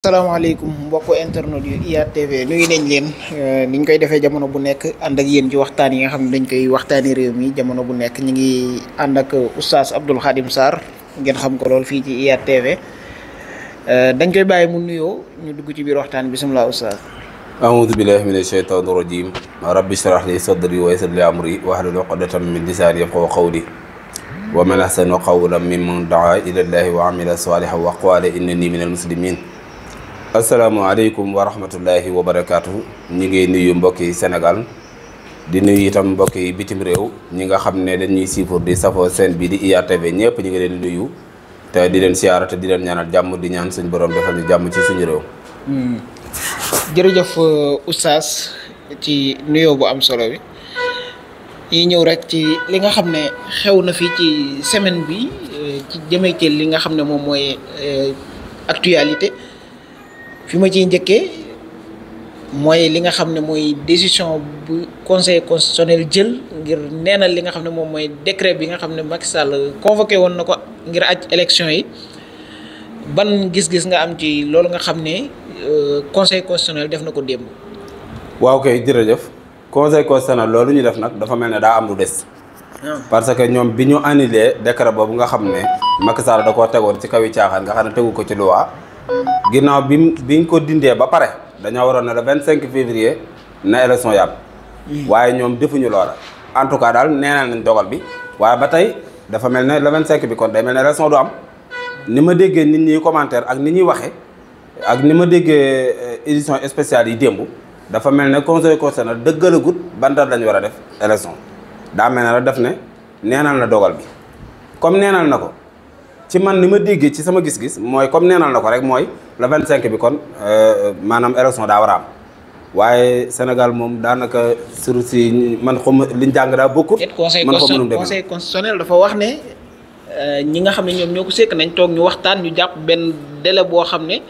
salaamaaleykum mbokk internet yu IYAT TV nuyu nañ leen euh, niñ koy defee jamono bu nekk ànd ak yéen ci waxtaan yi nga xam ne dañ koy waxtaanee réew mi jamono bu nekk ñu ngi ànd ak oustaz Abdoul Khadim Sarr ngeen xam ko lool fii ci IYAT TV euh, dañ koy bàyyi mu nuyoo ñu dugg ci biir waxtaan bisimilah oustaz. aoudu billahi min asheytan rajim rabbi shrah li sadri wa yassir li amri wahlul uqdatan min lisani yafqahu qawli wa man ahsanu qawlan mimman daa ila llahi wa amila salihan wa qala innani minal muslimin asalaamualeykum wa rahmatullahi wa barakaatu ñi ngi nuyu mbokki Sénégal di nuyu itam mbokki bitim réew ñi nga xam ne dañuy siifur di safoo seen bi di IATV ñëpp ñi ngi leen di nuyu te di leen siyaara te di leen ñaanal jàmm di ñaan suñ borom defal ñu jàmm ci suñu réew. Hmm. jërëjëf euh, oustaz ci nuyoo bu am solo bi yi ñëw rek ci li nga xam ne xew na fii ci semaine bi euh, ci jëmee ci li nga xam ne moom mooy euh, actualité. fi ma ciy njëkkee mooy li nga xam ne mooy décision bu conseil constitutionnel jël ngir neenal li nga xam ne moom mooy décret bi nga xam ne Macky Sall convoqué woon na ko ngir aj élection yi ban gis-gis nga am ci loolu nga xam ne euh, conseil constitutionnel def na ko démb. waaw kay jërëjëf conseil constitutionnel loolu ñu def nag dafa mel ne daa am lu des. Ah. parce que ñoom bi ñu annulé décret boobu nga xam ne Macky Sall da koo tegoon ci kaw i caaxaan nga xam ne tegu ko ci loi. ginnaaw bi biñ ko dindee ba pare dañoo waroon na la vingt cinq février na élection yàpp hmm. waaye ñoom defuñu loola en tout cas daal neenal nañ dogal bi waaye ba tey dafa mel ne le vingt bi kon day mel ne élection am ni ma déggee nit ñi commentaire ak ni ñuy waxee ak ni ma déggee eh, édition spéciale yi démb dafa mel ne conseil constitutionnel dëggalagut ban date war a def élection daa mel ne la def ne neenal na dogal bi comme neenal na ko ci man ni ma déggee ci sama gis-gis mooy comme neenal na ko rek mooy le 25 bi kon euh, maanaam élection daa war a am waaye Sénégal moom daanaka sur si man xom liñ jàng daa bokkut. man xaw ma conseil constitutionnel dafa wax ne euh, ñi nga xam ne ñoom ñoo ko sekk nañ toog ñu waxtaan ñu jàpp benn délai boo xam ne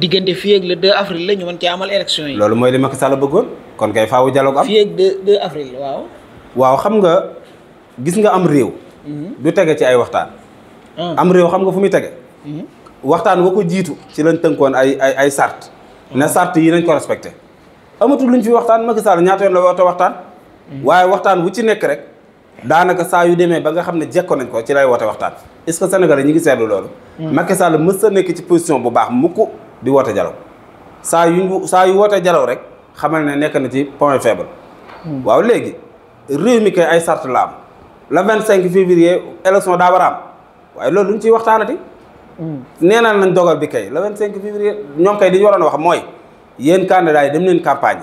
diggante fii ak le 2 avril la ñu ci amal élection yi. loolu mooy li Macky Sall bëggoon kon kay faawu dialogue am. fii ak 2 avril waaw. waaw xam nga gis nga am réew. Mhm. du tege ci ay waxtaan. Ah. am réew xam nga fu muy tege mhm. waxtaan wa ko jiitu ci lañ tënkoon ay ay ay sart ah. ne sart yi nañ ko respecté amatul luñ fi waxtaan Macky Sall ñaata la woote waxtaan mhm. waaye waxtaan wu ci nekk rek daanaka saa yu demee ba nga xam ne jekko nañ ko ci lay woote waxtaan est-ce que Sénégalais ñi ngi seetlu loolu hmm. Macky Sall mës a nekk ci position bu baax mukk di woote jalaw saa yu saa yu woote jalaw rek xamal ne nekk na ci point faible hmm. waaw léegi réew mi kay ay sart la am daa war waaye loolu luñ ciy waxtaanati. Hmm. neenaan nañ dogal bi kay le 25 février ñoom kay di ñu waroon wax mooy yéen candidats yi dem leen campagne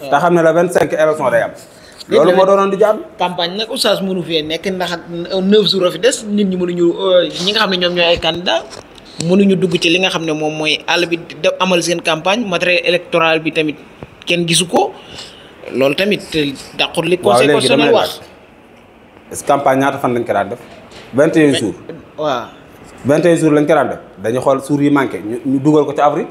yi. te xam ne le 25 élection day am. loolu moo doonoon di jàpp campagne nag oustaz mënu nekk ndax neuf jours a fi des nit ñi mënuñu ñi nga xam ne ñoom ñoo ay candidats. mënuñu dugg ci li nga xam ne moom mooy àll bi da amal seen campagne matériel électoral bi tamit kenn gisu ko loolu tamit dàqut li conseil constitutionnel wax est-ce campagne ñaata fan lañ ko daan def 21 waaw 21 jours lañu ko daan def dañu xool suur yi manqué ñu ñu dugal ko ci avril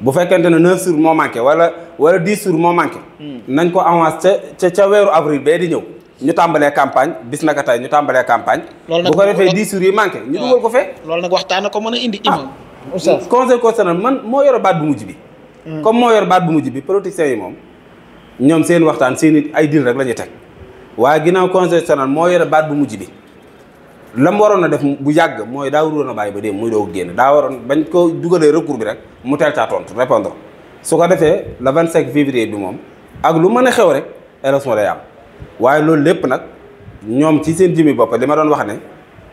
bu fekkente ne 9 jours moo manqué wala wala 10 jours moo manqué. Hmm. nañ ko avance ca ca weeru avril bee di ñëw. ñu tàmbalee campagne bis naka tay ñu tàmbalee campagne. bu ko defee 10 jours yi manqué. ñu dugal ko fe loolu nag waxtaan ko mën a indi imam. Ah, oustaz conseil man moo yor baat bu bi. Hmm. comme moo yor baat bu mujj bi politiciens yi moom ñoom seen waxtaan seen ay dil rek la ñuy teg waaye ginnaaw conseil constitutionnel moo yor bu mujj bi. la mu waroon a def bu yàgg mooy daa waroon a bàyyi ba démb muy doog génn daa waroon bañ koo dugalee recours bi rek mu teel caa tontu répondre su ko defee la le 25 février bi moom ak lu mën a xew rek élection day am waaye loolu lépp nag ñoom ci seen jëmmi bopp li ma doon wax ne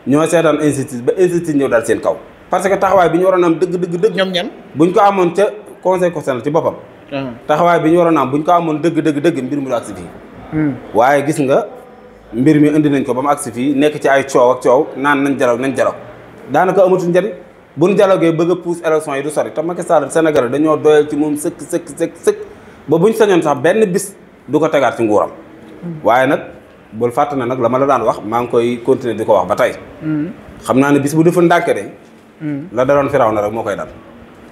ñoo seetaan institut ba institut ñëw dal seen kaw. parce que taxawaay bi ñu waroon am dëgg dëgg dëgg. ñoom ñan buñ ko amoon ca conseil constitutionnel ci boppam. Ah. taxawaay bi ñu waroon am buñ ko amoon dëgg dëgg dëgg mbir mu du agsi fii. Hmm. waaye gis nga mbir mi indi nañ ko ba mu agsi fii nekk ci ay coow ak coow naan nañ jalaw nañ jalaw daanaka amatul njëriñ bu ñu jalogee bëgg a pousse élection yi du sori te Macky Sall Sénégal dañoo doyal ci moom sëkk sëkk sëkk sëkk ba bu ñu sañoon sax benn bis du ko tegaat ci nguuram waaye nag bul fàtte na nag la ma la daan wax maa ngi koy continuer di ko wax ba tey xam naa ne bis bu defa ndànk de la daloon firaw na rek moo koy dal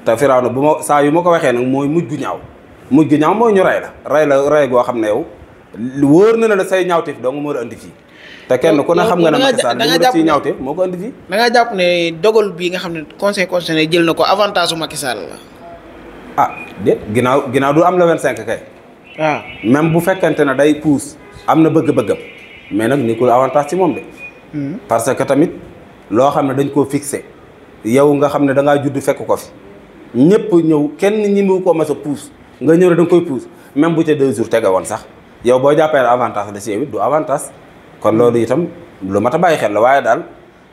te firaw na bu ma saa yu ma ko waxee nag mooy mujj ñaaw mujj gu ñaaw ñu rey rey la rey goo xam ne yow wóor na ne say ñaawteef dong moo la andi fii te kenn ku na xam nga ne Macky Sall li mu ci moo ko andi fii jàpp ne dogal bi nga ne conseil constitutionnel jël na ko avantage su Macky Sall la ah déet ginnaaw ginnaaw du am la 25 kay ah. même bu fekkente ne day puus am na bëgg-bëggam mais nag ni ko avantage moom hmm. parce que tamit loo xam ne dañ koo fixé yow nga xam ne da ngaa judd fekk ko fi ñëpp ñëw kenn ñi mu ko mas a puus nga ñëw ne da koy puus même bu ca deux jours tege woon sax yow boo jàppee avantage la si yow du avantage kon loolu itam lu mat a bàyyi xel la waaye daal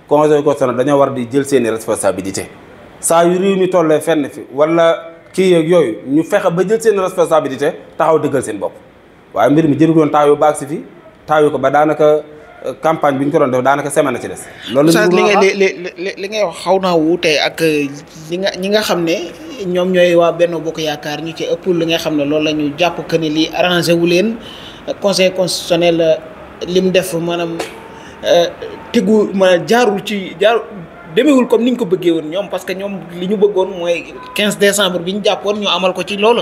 conseil constitutionnel dañoo war di jël seeni responsabilité saa yu réew mi tollee fenn fi walla kii yeeg yooyu ñu fexe ba jël seen responsabilité taxaw dëggal seen bopp waaye mbir mi jëru doon taayu baax si fi taayu ko ba daanaka euh, campagne bi ñu ko def daanaka semaine ci des. loolu li li li li ngay wax xaw naa wuute ak euh, ñi nga ñi nga xam ne. ñoom ñooy waa Benno Bokk Yaakaar ñu ci ëpp li nga xam ne loolu la jàpp que ni lii arrangé wu leen conseil constitutionnel li mu def maanaam euh, tegu maanaam jaarul ci jaarul demewul comme ni ñu ko bëggee woon ñoom parce que ñoom li ñu bëggoon mooy 15 décembre bi ñu jàppoon ñu amal ko ci loolu.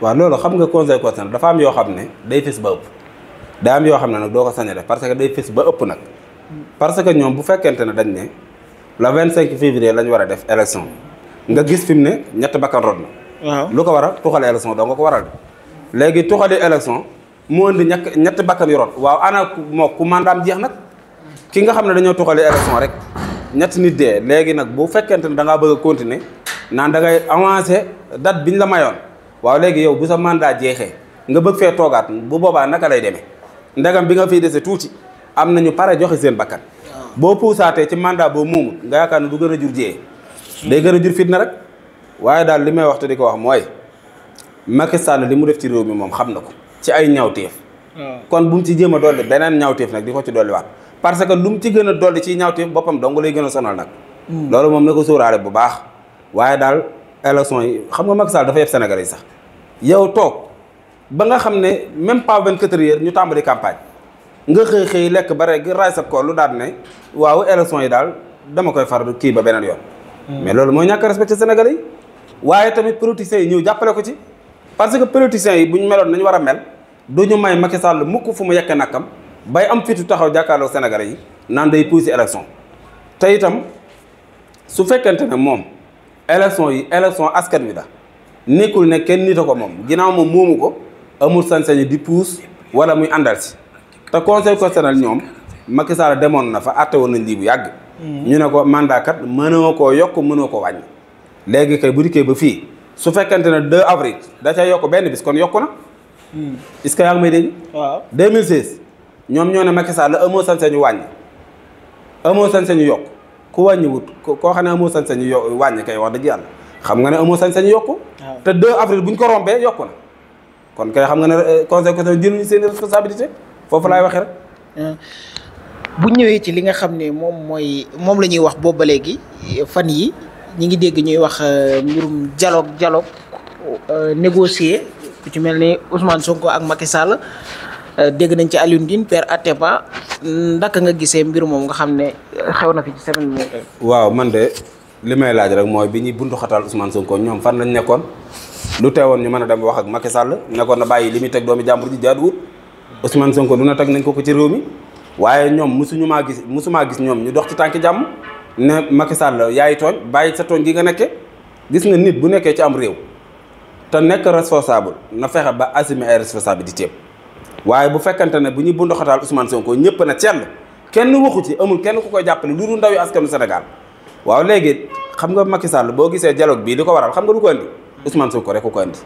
waaw loolu xam nga conseil constitutionnel dafa am yoo xam ne day fës ba ëpp daa am yoo xam ne nag doo ko sañ parce que day fës ba ëpp nag. parce que ñoom bu fekkente ne dañ ne la vingt cinq février la ñu war a def élection. nga gis fi mu ne ñetti bakkan rot na. waaw lu ko waral tuxale élection doo nga ko waral léegi tuxale élection mu indi ñàkk ñetti bakkan yu rot waaw ana moo ku mandaam jeex nag ki nga xam ne dañoo tuxale élection rek ñetti nit dee léegi nag bu fekkente ne da ngaa bëgg a continuer naan da ngay avancer date bi ñu la mayoon waaw léegi yow bu sa mandat jeexee nga bëgg fee toogaat bu boobaa naka lay demee ndegam bi nga fiy dese tuuti am na nañu pare joxe seen bakkan boo puusaatee ci mandat boo muumul nga yaakaar ne gën a jur jiyee day gën a jur na rek waaye daal li may wax te di ko wax mooy Macky Sall li mu def ci réew mi moom xam na ko ci ay ñawteef kon bu mu ci jéem a dolli beneen ñawteef nag di ko ci dolliwaat parce que lu mu ci gën a dolli ci ñawteef boppam dong lay gën a sonal nag hmm. loolu moom na ko sóoraale bu baax waaye daal élection yi xam nga Macky Sall dafa yeb Sénégalais yi sax yow toog ba nga xam ne même pas 24 heures ñu tàmbali campagne nga xëy xëy lekk ba rek raay sa koor daal ne waaw élection yi daal dama koy far kii ba beneen yoon Mm. mais loolu mooy ñàkk respecté Sénégalais yi waaye tamit politiciens yi ñëw jàppale ko ci parce que politiciens yi bu ñu meloon nañu war a mel du ñu may Macky Sall mukk fu mu yekkee nakam bay am fitu taxaw jàkkaarloo Sénégalais yi naan day poussé élection te itam su fekkente ne moom élection yi élection askan wi la nekkul ne kenn nita ko moom ginnaaw moom moomu ko amul sañ-sañu di puus wala muy àndal si te conseil constitutionnel ñoom Macky Sall demoon na fa àtte woon nañ lii yàgg ñu ne ko mandat kat mënoo koo yokk mënoo ko wàññi. léegi kay bu dikkee ba fii su fekkente ne 2 avril da ca yokk benn bis kon yokku na. Hmm. est-ce que yaa ngi may dégg. waaw 2016 ñoom ñoo ne Macky Sall amoo sañ-sañu wàññi amoo sañ-sañu yokk ku wàññi wut ko koo xam ne amoo sañ-sañu yo wàññi kay wax dëgg yàlla xam ne amoo sañ-sañu yokku. te 2 avril bu ñu ko rombee yokku na. kon kay xam nga ne conseil euh, constitutionnel jëluñu seen responsabilité foofu laay hmm. waxee rek. Euh, bu ñëwee ci li nga xam ne moom mooy moom la ñuy wax boobu ba léegi fan yi ñu ngi dégg ñuy wax euh, mbirum jaloog dialogue euh, négocier ku ci mel ni Ousmane Sonko ak Macky sàll euh, dégg nañ ci Alioune Tine Père ba ndaka nga gisee mbir moom nga xam ne xew na fi ci semaine waaw man de li may laaj rek mooy bi ñuy buntu xataal Ousmane Sonko ñoom fan lañ nekkoon lu teewoon ñu mën a dem wax ak Macky Sall nekkoon na bàyyi li muy teg doomi jàmbur ji jaaduwut Ousmane Sonko lu na teg nañ ko ci réew mi. waaye ñoom mosuñu maa gis mosumaa gis ñoom ñu dox ci tànk jàmm ne Macky Sall yaay tooñ bàyyi sa tooñ gi nga nekke gis nga nit bu nekkee ci am réew te nekk responsable na fexe ba assumer ay responsabilités waaye bu fekkante ne bu ñuy bundoxataal Ousmane Sonko ñëpp na cell kenn waxu ci amul kenn ku koy jàppale lu dul ndaw yu askanu senegal waaw léegi xam nga Macky Sall boo gisee dialogue bii li ko waral xam nga lu ko andi Ousmane Sonko rek ku ko andi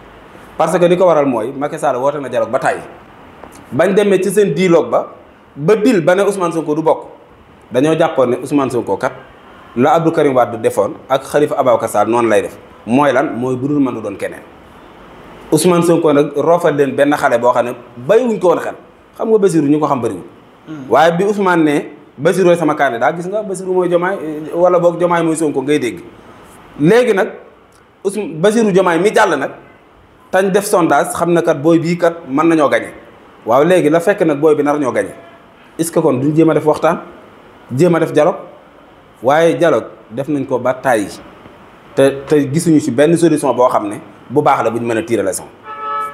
parce que li ko waral mooy Macky Sall woote na dialogue ba tàyyi bañ demee ci seen dialogue ba. ba bil ba ne Ousmane Sonko du bokk dañoo jàppoon ne Ousmane Sonko kat la Abdou Karim Wade defoon ak Khalifa Ababacar Sall noonu lay def mooy lan mooy budul mën du doon keneen Ousmane Sonko nag roofal leen benn xale boo xam ne bàyyiwuñ ko woon xel xam nga Bassirou ñu ko xam bëriwul. Hmm. waaye bi Ousmane ne Bassirou sama daal gis nga Bassirou mooy Jomaay wala boog Jomaay mooy Sonko ngay dégg léegi nag Ousmane Bassirou Jomaay mi jàll nag tañ def sondage xam na kat booy bii kat mën nañoo gañe waaw léegi la fekk nag booy bi nar ñoo gañe est-ce que kon duñ jéem a def waxtaan jéem a def dialogue waaye dialogue def nañ ko ba tàyyi te te gisuñu ci benn solution boo xam ne bu baax la bu ñu mën a tirer leçon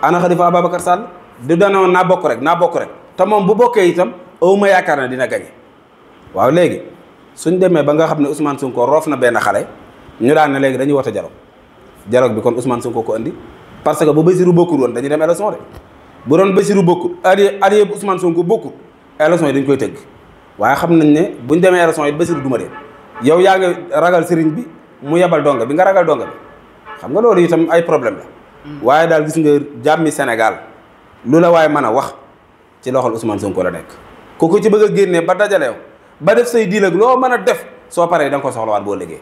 ana Khalifa Ababacar Sall du danoon naa bokk rek naa bokk rek te moom bu bokkee itam awma yaakaar na dina gañe waaw léegi suñ demee ba nga xam ne Ousmane ko roof na benn xale ñu daan ne léegi dañuy woote dialogue dialogue bi kon Ousmane Sonko ko indi parce que bu Bassirou bokkul woon dañuy dem élection de bu doon Bassirou bokkul allié allié bu Ousmane élection yi dañ koy tëgg waaye xam nañ ne buñ demee élection yi Bassirou duma dem yow yaa ngi ragal sëriñ bi mu yebal donga bi nga ragal donga bi xam nga loolu itam ay problème la mm. waaye daal gis nga jàmmi Sénégal lu la waaye mën a wax ci loxol Ousmane Sonko la nekk ku ko ci bëgg a génnee ba dajaleew ba def say diil ak loo mën a def soo paree da ko soxlawaat boo liggéey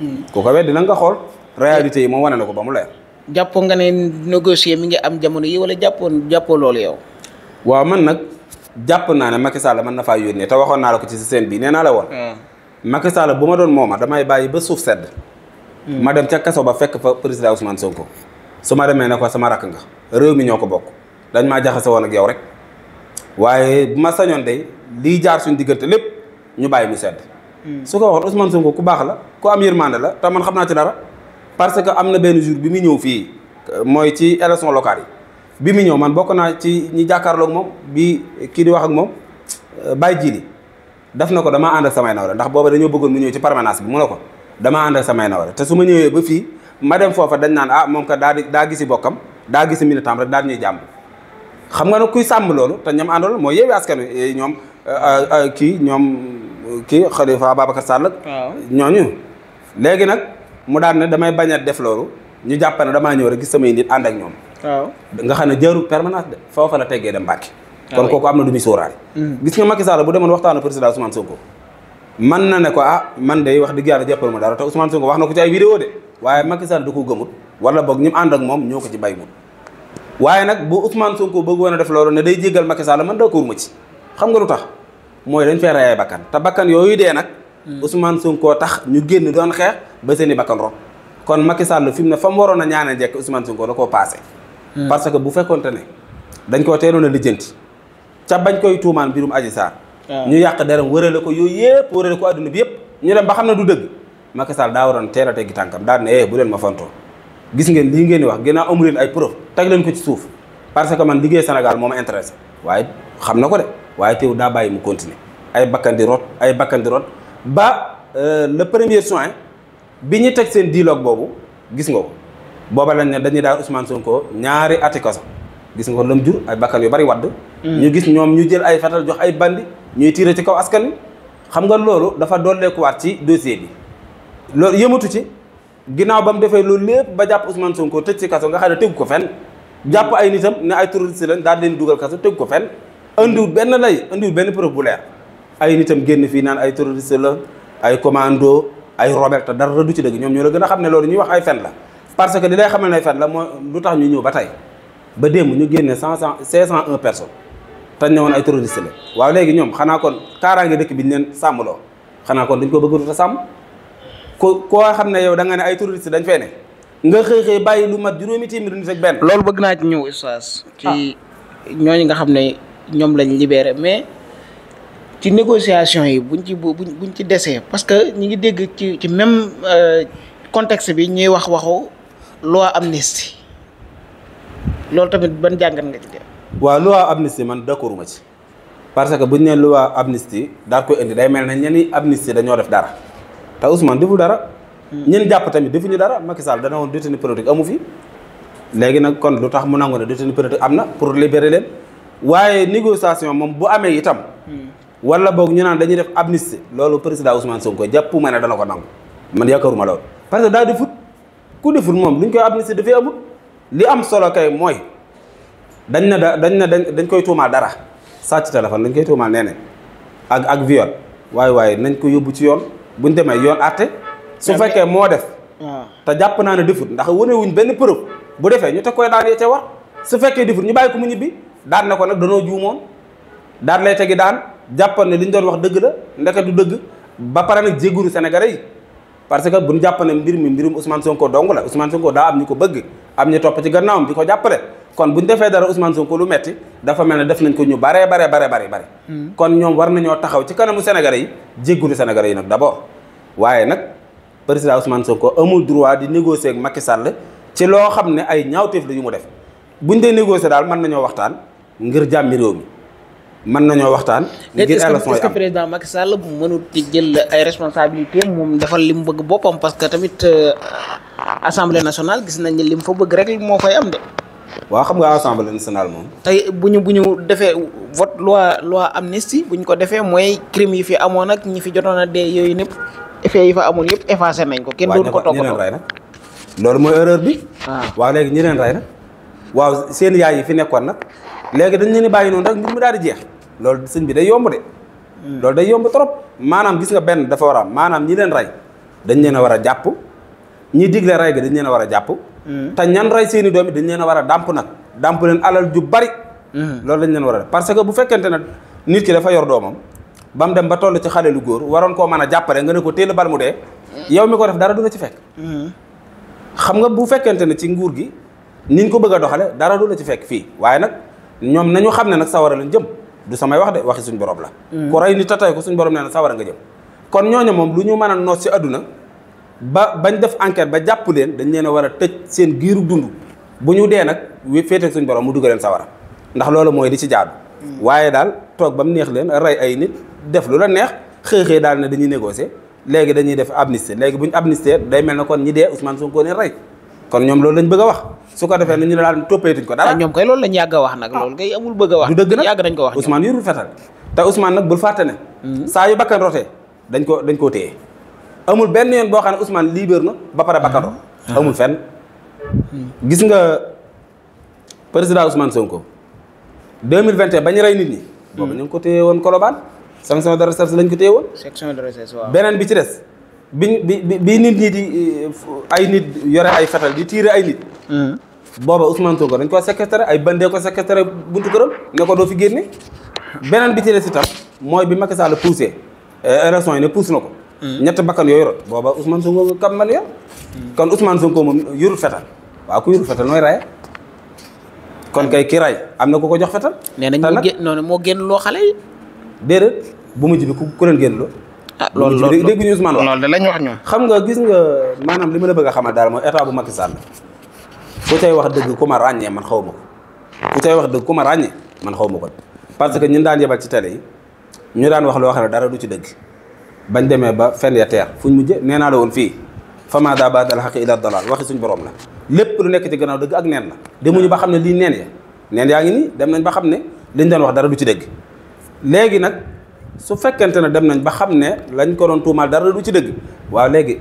mm. ku ko weddi na nga xool réalité yi moom wane na ko ba mu leer jàppoo nga ne négocier mi ngi am jamono yi wala jàppoo jàppoo yow jàpp naa ne Macky man mën na faa yónnee te waxoon naa la ko ci seen bi nee naa la woon. Ah. Macky Sall bu ma doon mooma damay bàyyi ba suuf sedd. Hmm. ma dem ca kaso ba fekk fa président Ousmane ko su ma demee ne ko sama rakk nga réew mi ñoo ko bokk dañ maa jaxase woon ak yow rek waaye bu ma sañoon de lii jaar suñu diggante lépp ñu bàyyi mu sedd. Hmm. su ko waxoon Ousmane ko ku baax la ku am yërmande la te man xam naa ci dara parce que am na benn jour bi mu ñëw fii mooy ci élection locale yi. bi mu ñëw man bokk naa ci ñi jàkkaarlook moom bi kii di wax ak moom euh, bàyyi jii li def na ko dama ànd ak samay nawle ndax booba dañoo bëggoon mu ñëw ci permanence bi mu ne ko damaa ànd ak samay nawle te su ma ñëwee ba fii ma dem foofa dañ naan ah moom kat daa di daa gisi bokkam daa gisi militant rek daal di ñuy jàmm xam nga nag kuy sàmm loolu te ñoom àndoon mooy yeewi askan wi eh, ñoom euh, euh, kii ñoom kii Khalifa Ababacar Sall ak ñooñu léegi nag mu daan ne damay bañ a ñu jàpp ne damaa ñëw gis samay nit ànd ak ñoom waaw nga xam ne jaarul permanence de foofa la teggee dem Mbàkke ah kon kooku am na du muy sóoraale mm. gis nga Macky Sall bu demoon waxtaanu président Ousmane Sonko man na ne ko ah, man day wax dëgg yàlla jàppal ma dara te Ousmane Sonko wax na ko ci ay vidéo de waaye Macky Sall du ko gëmut wala boog ñi mu moom ñoo ko ci baymut waaye nag bu Ousmane Sonko bëgg woon a def loolu ne day jéggal Macky Sall man d'accord ma ci xam nga lu tax mooy dañ fee rey bakkan te bakkan yooyu dee nag mm. Ousmane Sonko tax ñu génn doon xeex ba seen i bakkan rot kon Macky Sall fi mu ne fa mu waroon a ñaanee jekk Ousmane Sonko da koo passé Hmm. parce que bu fekkoonte ne dañ koo teeloon a lijjanti ca bañ koy tuumaan mbirum Adji Sarr ah. ñu yàq deram wërale ko yooyu yëpp wërale ko adduna bi yëpp ñu dem ba xam na du dëgg Macky Sall daa waroon teel a teggi tànkam daa ne eh, bu leen ma fantoo gis ngeen lii ngeen ni wax ginnaaw amu leen ay preuve teg leen ko ci suuf parce que man liggéey Sénégal moom ma intéressé waaye xam na ko de waaye teew daa bàyyi mu continuer ay bakkan di rot ay bakkan di rot ba euh, le premier soin bi ñu teg seen dialogue boobu gis nga ko booba lañ ne dañuy daal Ousmane Sonko ñaari ati kaso gis nga ko lam jur ay bakkan yu bari wadd mm. ñu gis ñoom ñu jël ay fetal jox ay bandi ñuy tiire ci kaw askan wi xam nga loolu dafa dolleekuwaat ci dossier bi loolu yëmatu ci ginnaaw ba mu defee loolu lépp ba jàpp Ousmane Sonko tëj ci kaso nga xam ne tegu ko fenn jàpp ay nitam ne ay terroriste lañ daal leen dugal kaso tegu ko fenn andiwul benn lay andiwul benn preuve bu leer ay nitam génn fii naan ay terroriste la ay commando ay Robert dara du ci dëgg ñoom ñoo la gën a xam ne loolu ñuy wax ay fen la parce que li lay xamal ne fen la mooy lu tax ñu ñëw ba tey ba démb ñu génne cent cent cinq cent un personnes te ne woon ay terroriste la waaw léegi ñoom xanaa kon kaaraange dëkk bi ñu leen sàmmloo xanaa kon dañ ko bëgg a sàmm ko koo xam ne yow da nga ne ay terroriste dañ fee ne nga xëy xëy bàyyi lu mat juróomi téeméer nit ak benn. loolu bëgg naa ci ñëw oustaz. ci ah. ñooñu nga xam ne ñoom lañ libéré mais ci négociation yi buñ ci buñ buñ ci desee parce que ñu ngi dégg ci ci même euh, contexte bi ñuy wax waxu. loi amnistie loolu tamit ban jàngat nga ci def. waaw loi amnistie man d'accord ma ci parce que bu ñu nee loi amnistie daal koy indi day mel na ñenn ñi amnistie dañoo def dara te Ousmane deful dara. Hmm. ñenn jàpp tamit defuñu dara Macky Sall dana woon détenu politique amu fi. léegi nag kon lu tax mu nangu ne détenu politique am na pour libérer leen waaye négociation moom bu amee itam. Hmm. wala boog ñu naan dañuy def amnistie loolu président Ousmane Sonko jàpp ma ne dana ko nangu man yaakaaruma loolu ku deful moom luñ koy amnistie dafay amul li am solo kay mooy dañ na da dañ na dañ koy tuumaal dara sàcc téléphone dañ koy tuumaal nee nañ ak ak viol waaye waaye nañ ko yóbbu ci yoon bu ñu demee yoon àtte su fekkee moo def te jàpp naa ne defut ndax wane wuñ benn preuve bu defee ñu teg koy daan yee ca war su fekkee defut ñu bàyyi ko mu ñibbi daan na ko nag danoo juumoon daan lay tegi daan jàppoon ne li doon wax dëgg la ndeke du dëgg ba pare nag jégguru Sénégalais parce que bu ñu jàpp mbir mi mbirum Ousmane Sonko dong la Ousmane Sonko daa am ñu ko bëgg am ñu topp ci gannaawam di ko jàppale kon bu ñu defee dara Ousmane Sonko lu metti dafa mel ne def nañ ko ñu bare bare bare bare hmm. kon ñoom war nañoo taxaw ci kanamu Sénégalais yi jéggulu Sénégalais yi nag d'abord waaye nag président Ousmane Sonko amul droit di négocier ak Macky sàll ci loo xam ne ay ñaawteef la yu mu def bu buñ dee négocier daal mën nañoo waxtaan ngir jàmmi mi mën nañoo waxtaan. ngir élection yi am président Macky Sall mënut jël ay responsabilités moom defal li mu bëgg boppam parce que tamit euh, assemblée nationale gis nañ ne li mu fa bëgg rek moo koy am de. waaw xam nga assemblée nationale moom. tey bu ñu bu ñu defee vote loi loi amnistie bu ñu ko defee mooy crime yi fi amoon ak ñi fi jotoon a dee yooyu ñëpp effet yi fa amoon yëpp effacé nañ ko. kenn doon ko toppatoo waaw loolu mooy erreur bi. waaw ah. waaw léegi ñi leen rey nag waaw seen yaay yi fi nekkoon nag. léegi dañ leen di bàyyi noonu rek mbir mu daal di jeex lool sëñ bi day yomb de hmm. loolu day yomb trop maanaam gis nga benn dafa war a maanaam ñi leen rey dañ leen a war a jàpp ñi digle rey bi dañ leen a war a jàpp hmm. te ñan rey seeni doom yi dañ leen a war a dàmp nag dàmp leen alal ju bari hmm. loolu dañ leen war a def parce que bu fekkente ne nit ki dafa yor doomam ba mu dem ba toll ci xale lu góor waroon koo mën a jàppale nga ne ko téel bal mu dee yow mi ko def dara du ci fekk xam nga bu fekkente ne ci nguur gi niñ ko bëgg a doxale dara du la ci fekk fii waaye nag ñoom nañu xam ne nag sawara lañ jëm du samay wax de waxi suñ boroom la mm. ku rey ni tatay ko suñ borom ne na sawara nga jëm kon ñooñu moom lu ñu mën a noos ci àdduna ba bañ def enquête ba jàpp leen dañ leen a war a tëj seen giiru dund bu ñu dee nag féeteeg suñ borom mu dugg leen sawara ndax loolu mooy di ci jaadu mm. waaye daal toog ba mu neex leen rey ay nit def lu la neex xëy-xëy daal ne dañuy négocier léegi dañuy def amnistie léegi bu ñu amnistie day mel na kon ñi dee Ousmane Sonko ne rey kon ñoom loolu lañ bëgg a wax su ko defee ni ñu daal toppeetuñ ko dara ah, ñoom kay loolu lañ yàgg a wax nag ah. loolu kay amul bëgg a wax du dëgg nag yàgg nañ ko wax Ousmane yurul fetal te Ousmane nag bul fàtte ne hmm. saa yu bakkan rotee dañ ko dañ koo téye amul benn yoon boo xam ne Ousmane libéré na ba pare bakkan rot hmm. amul fenn hmm. gis nga président Ousmane Sonko 2021 bañu rey nit ñi boobu ñu ngi ko téye woon Colobane sanction de recherche lañ ko téye woon. section de recherche waaw beneen bi ci des bi bi bi nit ñi di eh, ay nit yore ay fetal di tiire ay nit. Hmm. booba Ousmane ko dañ ko séquestré ay bandee ko séquestré buntu këram ne ko doo fi génne. beneen bi ci des itam mooy bi Macky Sall poussé eh, élection yi pousse na ko. Hmm. ñett bakkan yooyu yoroon booba Ousmane Sonko kam man yor. Hmm. kon Ousmane Sonko moom yorul fetal waaw ku yorul fetal nooy raye. kon kay ki ray am na ku ko jox fetal. nee nañ moo génn noonu moo génn loo xale yi. déedéet bu mujj bi ku ku leen génn loo. ah loolu loolu dégg ñu Ousmane wax loolu de lañ wax ñoo xam nga gis nga maanaam li ma a bëgg a xamal daal mooy état bu Macky Sall ku cay wax dëgg ku ma ràññee man xaw ma ko ku cay wax dëgg ku ma ràññee man xaw ma ko parce que ñun daan yebal ci télé yi ñu daan wax loo xam ne dara du ci dëgg bañ demee ba fen ya teer fuñ mujjee nee naa la woon fii fama daa baadal xaq ila dalal waxi suñ borom la lépp lu nekk ci gannaaw dëgg ak neen la demuñu ba xam ne lii neen ya neen yaa ngi nii dem nañ ba xam ne liñ doon wax dara du ci dëgg nag su fekkente ne dem nañ ba xam ne lañ ko doon tuumaal dara du ci dëgg waaw léegi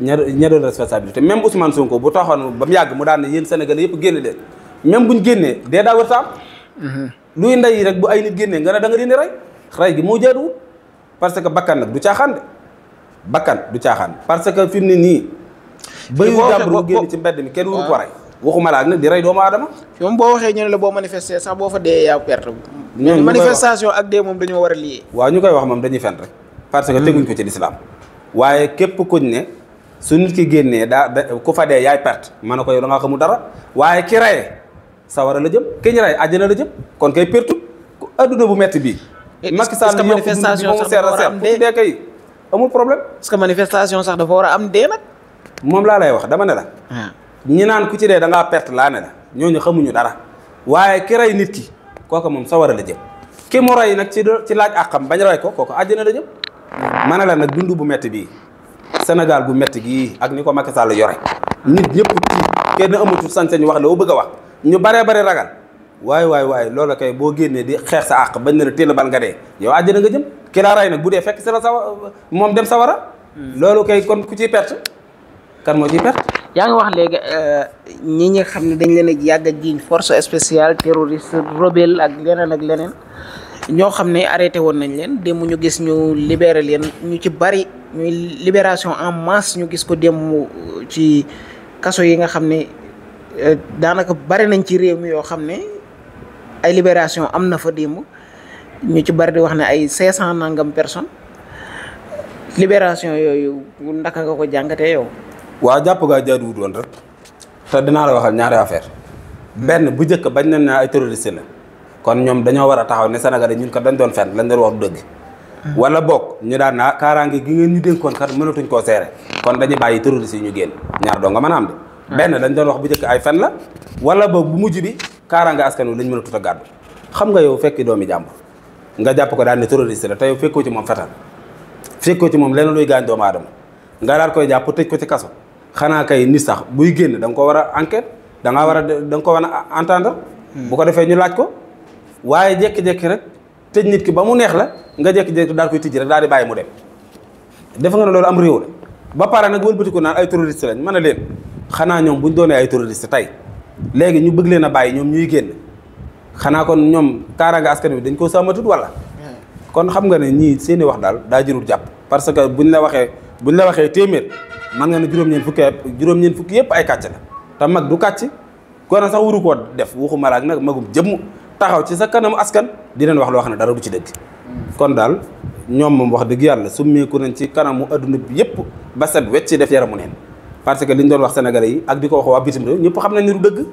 ña ña doon responsabilité même Ousmane ko bu taxoon ba mu yàgg mu daan ne yéen Sénégalais yëpp génne leen même buñ génnee dee daa war taam mhm. luy ndey rek bu ay nit génnee nga ne da nga leen di rey rey gi moo jaaduwul parce que bakkan nag du caaxaan de bakkan du caaxaan parce que fi mu ne nii. bayu jàmbur bu génn ci mbedd mi kenn waru waxuma laa nag di rey doomu aadama. moom boo waxee ñu ne la boo manifester sax boo fa dee yaa perte. ñooñu manifestation moom dañoo war a lié. ñu koy wax moom dañuy fen rek. parce que hmm. ko ci lislaam waaye képp kuñ ne su ki génnee daa da fa dee yaay perte mën na ko yow da ngaa dara waaye ki sawara la jëm ki ñu rey àjjana la jëm kon kay perte adduna bu metti bi moom seer a seer ku dee kay amul problème. parce que manifestation sax dafa war a am dee moom laa lay wax dama ne la. Ah. ñi naan ku ci dee dangaa ngaa perte laa ne la ñu xamuñu dara waaye ki rey nit ki kooku moom sawara la jëm ki mu rey nag ci ci laaj àqam bañ rey ko kooku àjjana la jëm ne la nag dund bu metti bii Sénégal bu metti gii ak ni ko Macky Sall yore nit ñëpp amatul sañ-sañ wax la bëgg a wax ñu baree bari ragal waaye waaye waaye loola kay boo génnee di xeex sa àq bañ ne la téel a bal nga yow àjjana nga jëm ki la nag bu dee fekk si la sawa moom dem sawara hmm. loolu kay kon ku ciy perte kan moo ciy perte yaa ngi wax léegi euh, ñi ñi xam ne dañ leen a yàgg a jiiñ force spéciale terroriste rebelle ak leneen ak leneen ñoo xam ne arrêté woon nañ leen démb ñu gis ñu libéré leen ñu ci bari ñuy libération en masse ñu gis ko démb ci kaso yi nga xam ne euh, daanaka bari nañ ci réew mi yoo xam ne ay libération am na fa démb ñu ci bari di wax ne ay 500 nangam personnes libération yooyu ndaka nga ko jàngatee yow. waa jàpp gaa jaaduwut woon rek te dinaa la waxal ñaari affaire benn bu njëkk bañ nañ ne ay terroriste la kon ñoom dañoo war a taxaw ne Sénégalais ñun kat dañ doon fen lañ doon wax dëgg. wala boog ñu daan naa kaaraange gi ngeen ñu dénkoon kat mënatuñ koo seere kon dañuy bàyyi terroriste yi ñu génn ñaar doo nga mën a am de. Hmm. benn dañ doon wax bu njëkk ay fen la wala boog bu mujj bi kaaraange askan wi lañ mën a tut gàddu xam nga yow fekki doomi jàmbur nga jàpp ko daal ne la te yow fekkoo ci moom fetal fekkoo ci moom leneen luy gaañ nga daal koy jàpp tëj ko ci kaso xanaa kay ni sax buy génn danga ko war a enquête da war a da nga ko war a entendre. Hmm. bu ko defee ñu laaj ko waaye jékki-jékki rek tëj nit ki ba mu neex la nga jékki-jékki daal koy tijji rek daal di bàyyi mu dem. def nga ne loolu am réew la ba pare nag ko naan ay terroriste lañ man a leen xanaa ñoom bu ñu doonee ay terroriste tey léegi ñu bëgg leen a bàyyi ñoom ñuy génn xanaa kon ñoom kaaraange askan wi dañ koo sàmmatut wala. Hmm. kon xam nga ne ñii seeni wax daal daa jërul jàpp parce que buñ la waxee buñ la waxee téeméer. man nga ne juróom-ñeent fukki juróom-ñeent yëpp ay kàcc la te mag du kàcc kon sax waru koo def waxu malaak nag magum jëmm taxaw ci sa kanamu askan di leen wax loo xam ne dara du ci dëgg kon daal ñoom moom wax dëgg yàlla summeeku nañ ci kanamu adduna bi yëpp ba set wecc ci def yaramu neen parce que li ñu doon wax sénégalais yi ak di ko wax waa bitim réew ñëpp xam nañ ni du dëgg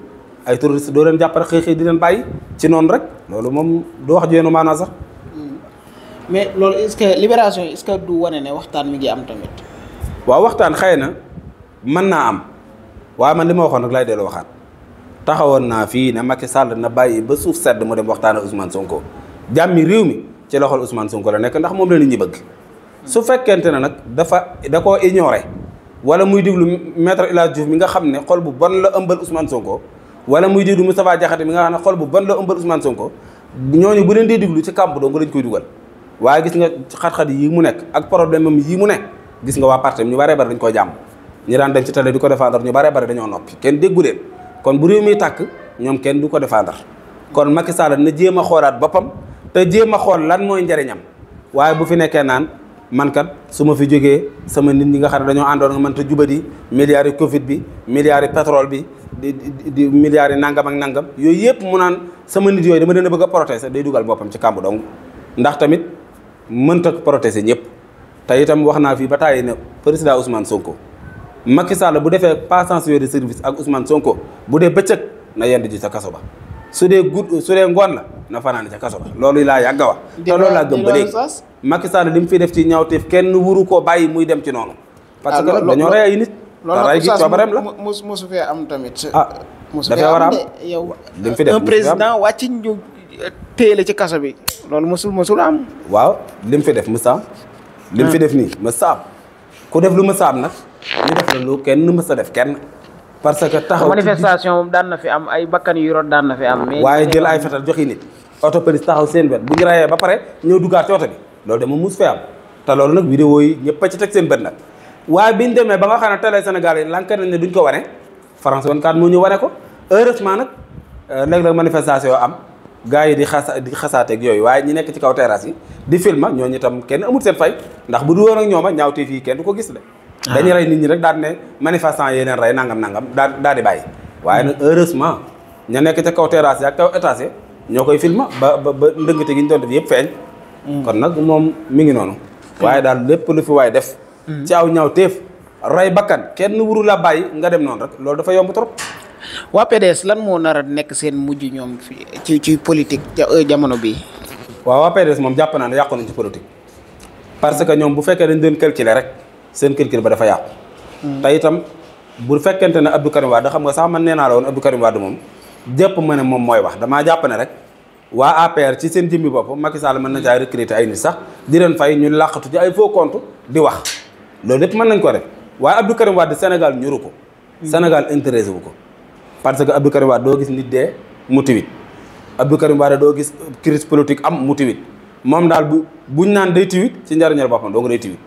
ay terroriste doo leen jàppale xëy xëy di leen bàyyi ci noonu rek loolu moom du wax jeenu maanaa sax mais loolu est-ce wane ne waxtaan mi ngi am waaw waxtaan xëy na mën naa am waaye man li ma waxoon rek laay dellu waxaat taxawoon naa fii ne Macky Sall na bàyyi ba suuf sedd mu dem waxtaan ak Ousmane Sonko jàmmi réew mi ci loxol Ousmane Sonko la nekk ndax moom la nit ñi bëgg su fekkente ne nag dafa da koo ignoré wala muy diglu maître El Hadj Diouf mi nga xam ne xol bu bon la ëmbal Ousmane Sonko wala muy mu Moustapha Diakhaté mi nga xam ne xol bu bon la ëmbal Ousmane Sonko ñooñu bu leen dee diglu ci kàmb doo nga koy dugal waaye gis nga xat-xat yi mu nekk ak problème am mu nekk gis nga waa parti ñu baree bari dañ koy jàmm ñu daan dem ci télé di ko défendre ñu baree bari dañoo noppi kenn déggu leen kon bu réew mi tàkk ñoom kenn du ko defaa défendre kon Macky Sall na jéem a xoolaat boppam te jéem a xool lan mooy njariñam waaye bu fi nekkee naan man kat su ma fi jógee sama nit ñi nga xam ne dañoo àndoon nga mën ta jubadi milliards yi Covid bi milliards yi pétrole bi di di milliards yi nangam ak nangam yooyu yëpp mu naan sama nit yooyu dama leen bëgg a protéger day dugal boppam ci kàmbu dong ndax tamit mënta protéger ñëpp. te itam wax naa fii ba tàyyi ne président Ousmane Sonko Macky Sall bu defee passance de service ak Ousmane Sonko bu dee bëccëg na yend ji sa kaso ba su dee gudd su dee ngoon la na fanaan ca kaso ba loolu laa yàgg a wax te loolu laa gëm ba léegi Macky Sall li mu fi def ci ñaawteef kenn wuru koo bàyyi muy dem ci noonu parce ah, que dañoo rey ay nit loolu nag Oustaz mosu mosu fee am tamit. ah dafee war a am yow li fi def un ci kaso bi loolu mosul mosul am. waaw li mu fi def li mu fi ah. def nii ma saab ku def lu ma saab nag ñu def la lu kenn mës def kenn parce que taxaw manifestation moom daan na fi am ay bakkan yu daan na fi am waaye jël ay fetal joxi nit oto police taxaw seen wet bu ñu rayee ba pare ñëw duggaat ci oto bi loolu dama mus fee am te loolu nag vidéo yi ñëpp a ci teg seen bët nag waaye biñ demee ba nga xam ne télé Sénégal yi lank nañ ne duñ ko wane France 24 moo ñu wane ko heureusement na euh, léeg-léeg manifestation am gars yi di xasa di xasaateeg yooyu waaye ñi nekk ci kaw terrasse yi di film ñooñu itam kenn amul seen fay ndax bu du woon ak ñooma ñaawtee fii kenn du ko gis de ah. dañuy rey nit ñi rek daal ne manifestant yee leen nangam nangam daal daal di bàyyi waaye nag heureusement ña nekk ca kaw terrasse yi kaw étage ñoo koy film ba ba ba te gi ñu doon def yëpp feeñ mm. kon nag moom mi ngi noonu mm. waaye daal lépp lu fi waaye def mm. ci aw ñaaw téef rey bakkan kenn wuru la bàyyi nga dem noonu rek loolu dafa yomb trop waa PDS lan moo nar nekk seen mujj ñoom fii ci ci politique euh, jamono bi waaw waa PDS moom jàpp naa ne yàqu nañ ci politique parce que ñoom bu fekkee dañ doon calculer rek seen calcul ba dafa yàqu hmm. te itam bu fekkente ne Abdou Karim Wade xam nga sax man nee naa la woon Abdou Karim Wade moom jëpp ma ne moom mooy wax damaa jàpp ne rek waa APR ci seen jëmmi bopp Macky Sall mën na caa recruter ay nit sax di leen fay ñu làqatu ci ay faux compte di wax loolu lépp mën nañ ko def waaye Abdou Karim Sénégal ñuru ko hmm. Sénégal intéressé wu ko parce que Abdou Karim doo gis nit de mu tiwit Abdou Karim Wade doo gis crise politique am mu tiwit moom daal bu buñ naan day tiwit ci njariñal boppam doo nga day tiwit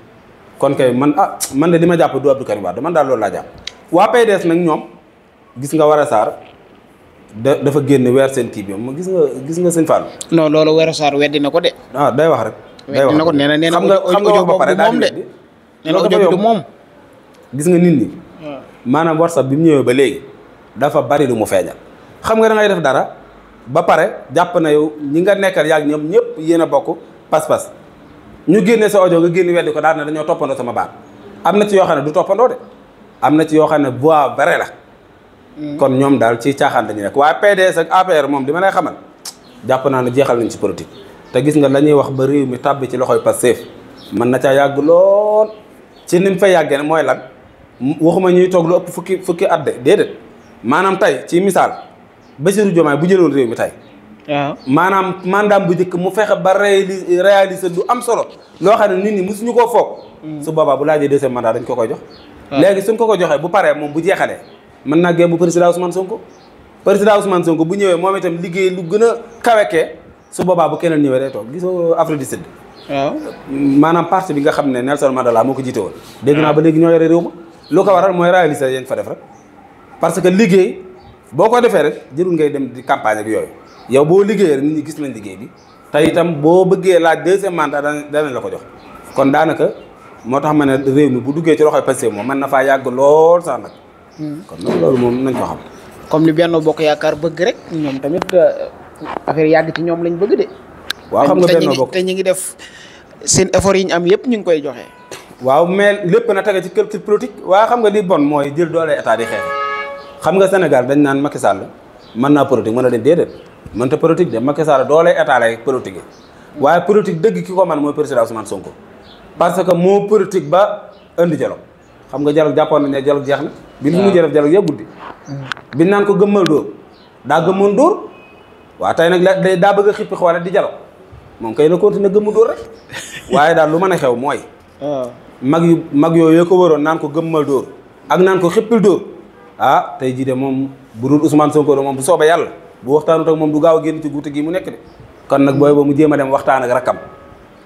kon kay man a ah, man de li ma jàpp du Abdou Karim Wade man daal loolu laa jàpp waa PDS nag ñoom gis nga Woré Sarr da dafa génn weer seen kii bi gis nga gis nga seen Fall. non loolu Woré Sarr weddi na ko de. ah day wax rek. day ko nee xam nga xam nga wax ba pare daal di weddi. nee na audio bi moom. gis nga nit ñi. maanaam war WhatsApp bi mu ñëwee ba léegi. dafa bari lu mu feeñal xam nga da def dara ba pare jàpp na yow ñi nga nekkal yaag ñoom ñëpp yéen a bokk pas-pas ñu génne sa audio nga génn weddi ko daal na dañoo toppandoo sama baat am na ci yoo xam ne du toppandoo de am na ci yoo xam ne voix vrai la hmm. kon ñoom daal ci caaxaan dañu nekk waaye PDS ak moom li ma lay xamal jàpp naa ne jeexal nañ ci politique te gis nga la ñuy wax ba réew mi tàbbi ci loxoy Pastef mën na caa yàgg lool ci ni mu fa yàggee mooy lan waxuma ñuy toog lu ëpp fukki fukki at de déedéet maanaam tey ci misaal Bassirou Diomaye bu jëloon réew mi tey. waaw maanaam mandaam bu njëkk mu fexe ba réaliser réaliser lu am solo loo xam ne nit ñi mosuñu koo foog. Mm. su boobaa bu laajee deuxième mandat dañ ko koy jox. léegi suñ ko ko joxee bu paree moom bu jeexalee mën naa gëm bu président Ousmane Sonko. président Ousmane Sonko bu ñëwee moom itam liggéey lu gën a kawekee su boobaa bu keneen ñëwee day toog gisoo Afrique du Sud. waaw maanaam parti bi nga xam ne Nelson Mandela moo ko jiite woon. dégg naa ba léegi ñoo yore réew ma. lu ko waral mooy réaliser yéen fa def rek. parce que liggéey boo ko defee rek jërul ngay dem di campagne ak yooyu yow boo liggéeyee rek ni ñi gis nañ liggéey bi tey itam boo bëggee laaj deuxième mandat danañ la ko jox kon daanaka moo tax ma ne réew bu duggee ci loxoy Pastef moom mën na faa yàgg lool sax hmm. kon nag loolu moom nañ ko xam. comme ni Benno Bokk Yaakaar bëgg rek ñoom tamit euh, affaire yàgg ci ñoom lañ bëgg de. waaw xam nga Benno Bokk te ñu ngi def seen effort yi ñu am yëpp ñu ngi koy joxe. waaw mais lépp na tege ci culture politique waaw xam nga li bon mooy jël doole état di xeex. xam nga Sénégal dañ naan Macky sàll mën naa politique mën na leen déedéet mën ta politique de Macky Sall doolee état lay politique waaye politique dëgg ki ko man mooy président Ousmane Sonko parce que moo politique ba indi dialogue xam nga dialogue jàppoon nañ ne dialogue jeex na bi mu mujjee def dialogue yëpp guddi bi naan ko gëmmal daa gëmmoon dóor waaw tey nag daa bëgg a xippi xoole di dialogue moom kay na continuer gëmmu waaye daal lu mën a xew mooy ah. mag yu mag yooyu ko waroon naan ko gëmmal dóor ak naan ko xippil dóor ah tey jii de moom bu dul Ousmane Sonko de moom bu soobee yàlla bu waxtaanut ak moom du gaaw a génn ci guute gi mu nekk de kon nag booy ba mu jéem a dem waxtaan ak rakkam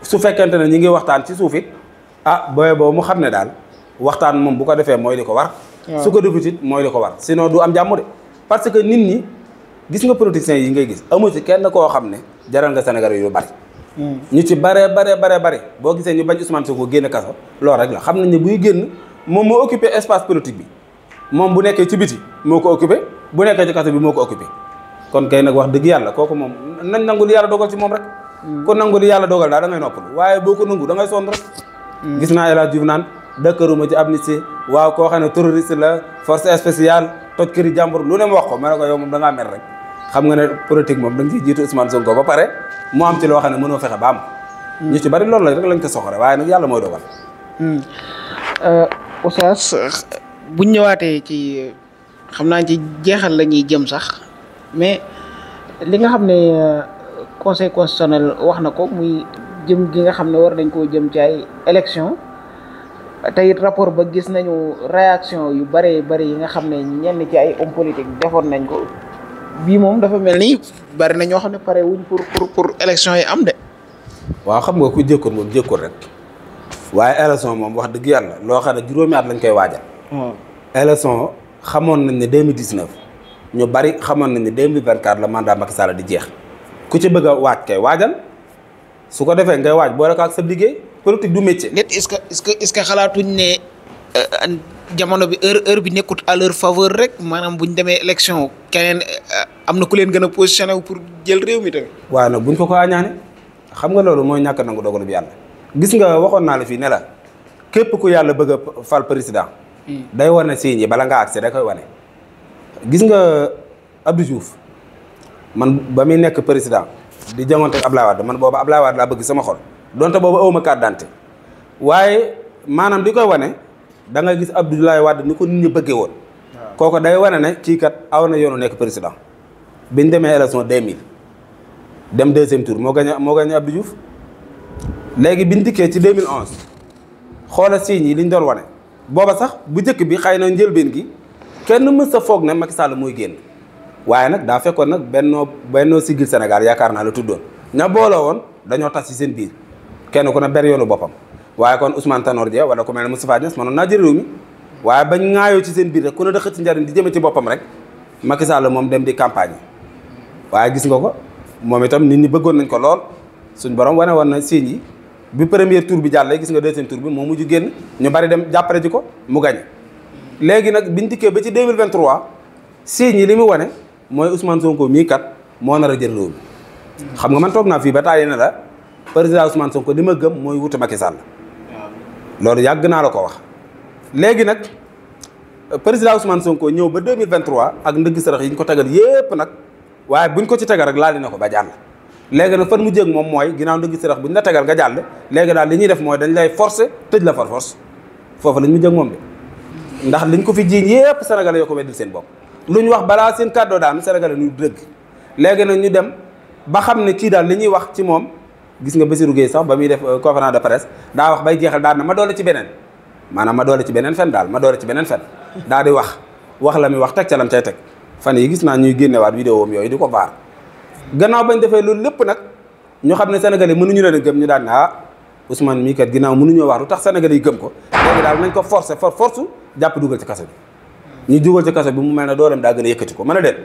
su fekkente ne ñi ngi waxtaan ci suuf it ah booy boobu mu xam ne daal waxtaan moom bu ko defee mooy li ko war su ko defut mooy li ko war sinon du am jàmm de parce que nit ñi gis nga politiciens yi ngay gis amu ci kenn koo xam ne jaral nga Sénégal yu bari hmm. ñu ci bare bare bare bare boo gisee ñu bañ Ousmane Sonko génn kaso loolu rek xam nañ ne buy génn moom moo occupé espace politique bi moom bu nekkee ci biti moo ko occupé bu nekkee ci kaso bi moo ko occupé kon kay nag wax dëgg yàlla koo kooku moom nañ nangu li yàlla dogal ci moom rek mm. ko nangu li yàlla dogal daal da ngay noppalu waaye boo ko nangu da ngay sonn rek mm. gis naa El Hadj Diouf naan dëkkaruma ci amnistie waaw koo xam ne terroriste la force spéciale toj këri jàmbur lu ne ma wax ko ma ne ko yow moom da ngaa mer rek xam nga ne politique moom da nga ciy jiitu Ousmane Sonko ba pare mu am ci loo xam ne mënoo fexe ba am mm. ñu ci bari loolu la rek lañ ko soxore waaye nag yàlla mooy buñ ñëwaatee ci xam naa ci jeexal la ñuy jëm sax mais li nga xam ne euh, conseil constitutionnel wax na ko muy jëm gi nga xam ne war nañ koo jëm ci ay élection te it rapport ba gis nañu réaction yu bëree bëri yi nga xam ne ñenn ci ay homme politique defoon nañ ko bii moom dafa mel ni bari na ñoo xam ne pare wuñ pour pour pour élection yi am de. waaw xam nga ku jëkkoon moom jëkkoon rek waaye élection moom wax dëgg yàlla loo xam ne juróomi at lañ koy waajal élection xamoon nañ ne 2019 ñu bari xamoon nañ ne 2024 la mandat Macky Sall di jeex ku ci bëgg a waaj kay waajal su ko defee ngay waaj boole ko ak sa liggéey politique du métier. nit est-ce que est-ce que est-ce que xalaatuñ ne euh, jamono bi heure heure bi nekkut à leur faveur rek maanaam bu ñu demee élection keneen euh, am na ku leen gën a positionné wu pour jël réew mi tamit. waa nag buñ ko ko añaane xam nga loolu mooy ñàkk nangu dogalu bi yàlla gis nga waxoon naa la fii ne la képp ku yàlla bëgg a fal day wane signes yi bala ngaa agsi da koy wane. gis nga Abdou Diouf man ba muy nekk président di jàngonte ak Abdoulaye Wade man booba Abdoulaye Wade laa bëgg sama xol donte booba awma carte d'identité waaye maanaam di koy wane da nga gis Abdoulaye Wade ni ko nit ñi bëggee woon. kooko day wane ne kii kat aw na yoonu nekk président biñ demee élection 2000 dem deuxième tour moo gagné moo gagné Abdou Diouf léegi biñ dikkee ci 2011 xoola signes yi liñ doon wane. booba sax bu njëkk bi xëy na njëlbeen gi kenn mës a foog ne Macky Sall mooy génn waaye nag daa fekkoon nag bennoo bennoo sigil Sénégal yaakaar naa la tuddoon ña booloo woon dañoo tas ci seen biir kenn ku ne ber yoonu boppam waaye kon Ousmane Tanor Dieng wala ku mel ne Moustapha Niasse mënoon naa jël réew mi waaye bañ ŋaayoo ci seen biir rek ku ne dëkk ci njariñ di jëme ci boppam rek Macky Sall moom dem di campagne waaye gis nga ko moom itam nit ñi bëggoon nañ ko lool suñ borom wane woon na signes yi bi premier tour bi lay gis nga deuxième tour bi moo mujj génn ñu bari dem jàppale ji ko mu gañe léegi nag biñ dikkee ba ci 2023 signes yi li mu wone mooy Ousmane Sonko mii kat moo nar a jël réew mi xam nga man toog naa fii ba tàyyi na la président Ousmane Sonko li ma gëm mooy wuute Macky sàll loolu yàgg naa la ko wax léegi nag président Ousmane Sonko ñëw ba 2023 ak ndëgg sarax yi ñu ko tegal yépp nag waaye buñ ko ci tegal rek laal dina ko ba jàll léegi nag fan mu jéeg moom mooy ginnaaw ndëgg sërëx bu ñu la tegal nga jàll léegi daal li ñuy def mooy dañ lay forcé tëj la far force foofu lañ mu jéeg moom de ndax liñ ko fi jiiñ yépp sénégalais yoo ko weddil seen bopp lu ñu wax balaa seen kàddoo daanu sénégalais ñu dëgg léegi nag ñu dem ba xam ne kii daal li ñuy wax ci moom gis nga Bassirou Guèye sax ba muy def euh, conférence de presse daa wax bay jeexal daal na ma doole ci beneen maanaam a doole ci beneen fen daal ma doole ci beneen fen daal di wax wax la muy wax teg ca lam teg fan yi gis naa ñuy génnewaat vidéo am yooyu di ko vaar gannaaw bañ defee loolu lépp nag ñu xam ne sénégalais mënuñu leen a gëm ñu daan ne ah Ousmane mii kat ginnaaw mënuñoo wax lu tax sénégalais yi gëm ko léegi daal nañ ko forcer for force jàpp dugal ci kaso bi ñu dugal ci kaso bi mu mel ne dooleem daa gën a yëkkati ko man a leen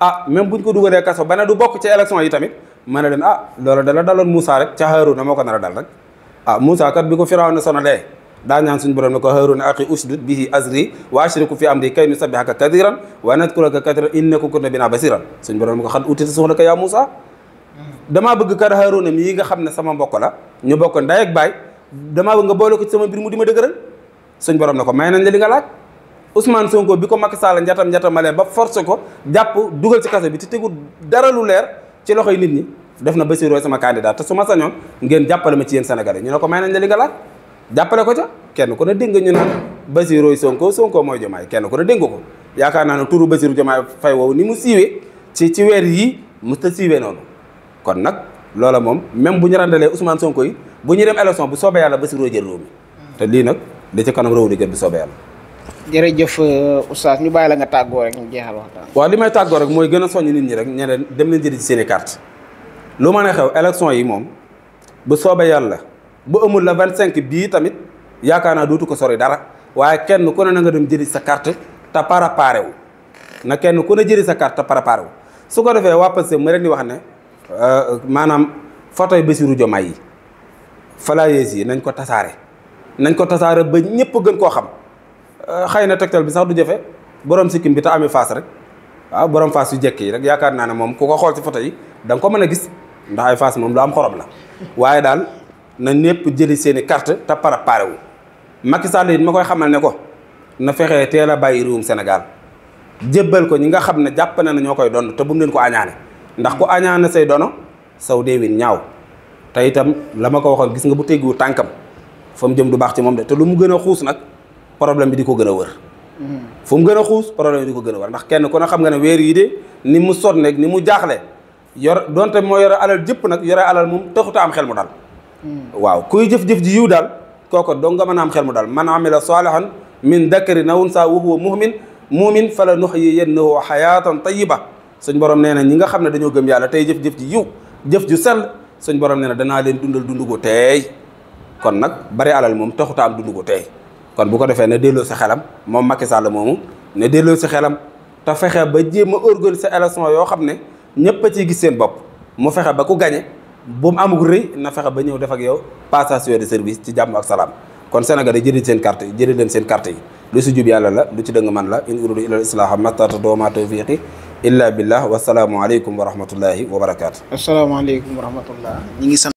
ah même buñ ko dugalee kaso ba ne du bokk ci élection yi tamit mën a leen ah loolu dala daloon Moussa rek ca Haaruna moo ko nar a dal rek ah Moussa kat bi ko Firawna sonalee daa ñaan suñ borom ne ko haaruna aqi ushdud bihi azri wa ashriku fi amri kay nusabbihaka kathiran wa nadkuraka kathiran innaka kunta bina basiran suñu borom ko bëgg kar haaruna mi yi nga xam ne sama mbokk la ñu bokk ak baay damaa bëgg nga boole ko ci sama mu di ma dëgëral suñu borom ne ko may nañ la li nga laaj Ousmane Sonko bi ko Macky saala njatam njatamalee ba forcé ko jàpp dugal ci kaso bi te tegul dara lu leer ci loxoy nit ñi def na Bassirou sama candidat te su ma sañoon ngeen jàppale ma ci yéen Sénégalais ñu ne ko may nañ la nga laaj jàppale ko ca kenn ku ne dégg ñu naan Basirou Sonko Sonko mooy Jomaay kenn ku a dégg ko yaakaar naa ne turu Basirou Jomaay Fay woowu ni mu siiwee ci ci weer yii mu ta siiwee noonu kon nag loola moom même bu ñu randalee Ousmane Sonko yi bu ñu dem élection bu soobee yàlla Basirou jël réew mi te lii nag li ci kanam réew di jël bu soobee yàlla. jërëjëf euh, oustaz ñu bàyyi la nga tàggoo rek ñu jeexal waxtaan. waaw li may tàggoo rek mooy gën a soññ nit ñi rek ñeneen dem leen jëli ci seen i carte lu xew élection yi moom bu soobee yàlla bu amul la vingt cinq bii tamit yaakaar naa dootu ko sori dara waaye kenn ku ne na nga dem jëli sa carte te préparé wu na kenn ku ne jëli sa carte te préparé su ko defee waa Pastef ma leen di wax ne euh, maanaam photo yi Bassirou Diomaye yi flyers yi nañ ko tasaare nañ ko tasaare ba ñëpp gën koo xam euh, xëy na tegtal bi sax du jafe borom sikkim bi te amee faas rek waaw ah, borom faas yu jekki yi rek yaakaar naa ne moom ku ko xool ci photo yi da ko mën a gis ndax ay faas moom am xorom la na ñëpp jëli seeni i carte te préparé wu Macky Sall it ma koy xamal ne ko na fexee teel a bàyyi réewum Sénégal jébbal ko ñi nga xam ne jàpp na ne ñoo koy donn te bu mu ko añaane ndax ku añaane say dono saw ñaaw te itam la ma ko waxoon gis nga bu teggu tànkam fa jëm du baax ci moom de te lu mu gën a xuus nag problème bi di ko gën a wër mm-hmm. fu mu gën a xuus problème di ko gën a war ndax kenn ku ne xam nga ne weer yi de ni mu sonn ak ni mu jaaxle yor donte moo yore alal jëpp nag yore alal moom taxuta am xel mu dal waaw kuy jëf-jëf ji yiw daal kooko dong nga man a am xel mu daal man amila saalihan min dakarin aw unsaa wa huwa mu'min mu'min fala nuhyiyannahu hayaatan tayyiba suñ borom nee na ñi nga xam ne dañoo gëm yàlla tey jëf-jëf ji yiw jëf ju sell suñ borom nee na danaa leen dundal dundu gu teey kon nag bari alal moom taxuta am dundu gu teey kon bu ko defee ne delloo si xelam moom Macky Sall moomu ne delloo si xelam te fexe ba jéem a organiser élection yoo xam ne ñëpp a ciy gis seen bopp mu fexe ba ku gañe bu mu amul na fexe ba ñëw def yow passation de service ci jàmm ak salaam kon Sénégal yi jëri seen carte yi jëri leen seen carte yi lu si jub yàlla la lu ci dëng man la in uridu illa islaaha mastata dooma tawfiqi illa billah wasalaamualeykum wa rahmatullahi wa barakaatu asalaamaaleykum wa rahmatullah ñi ngi sant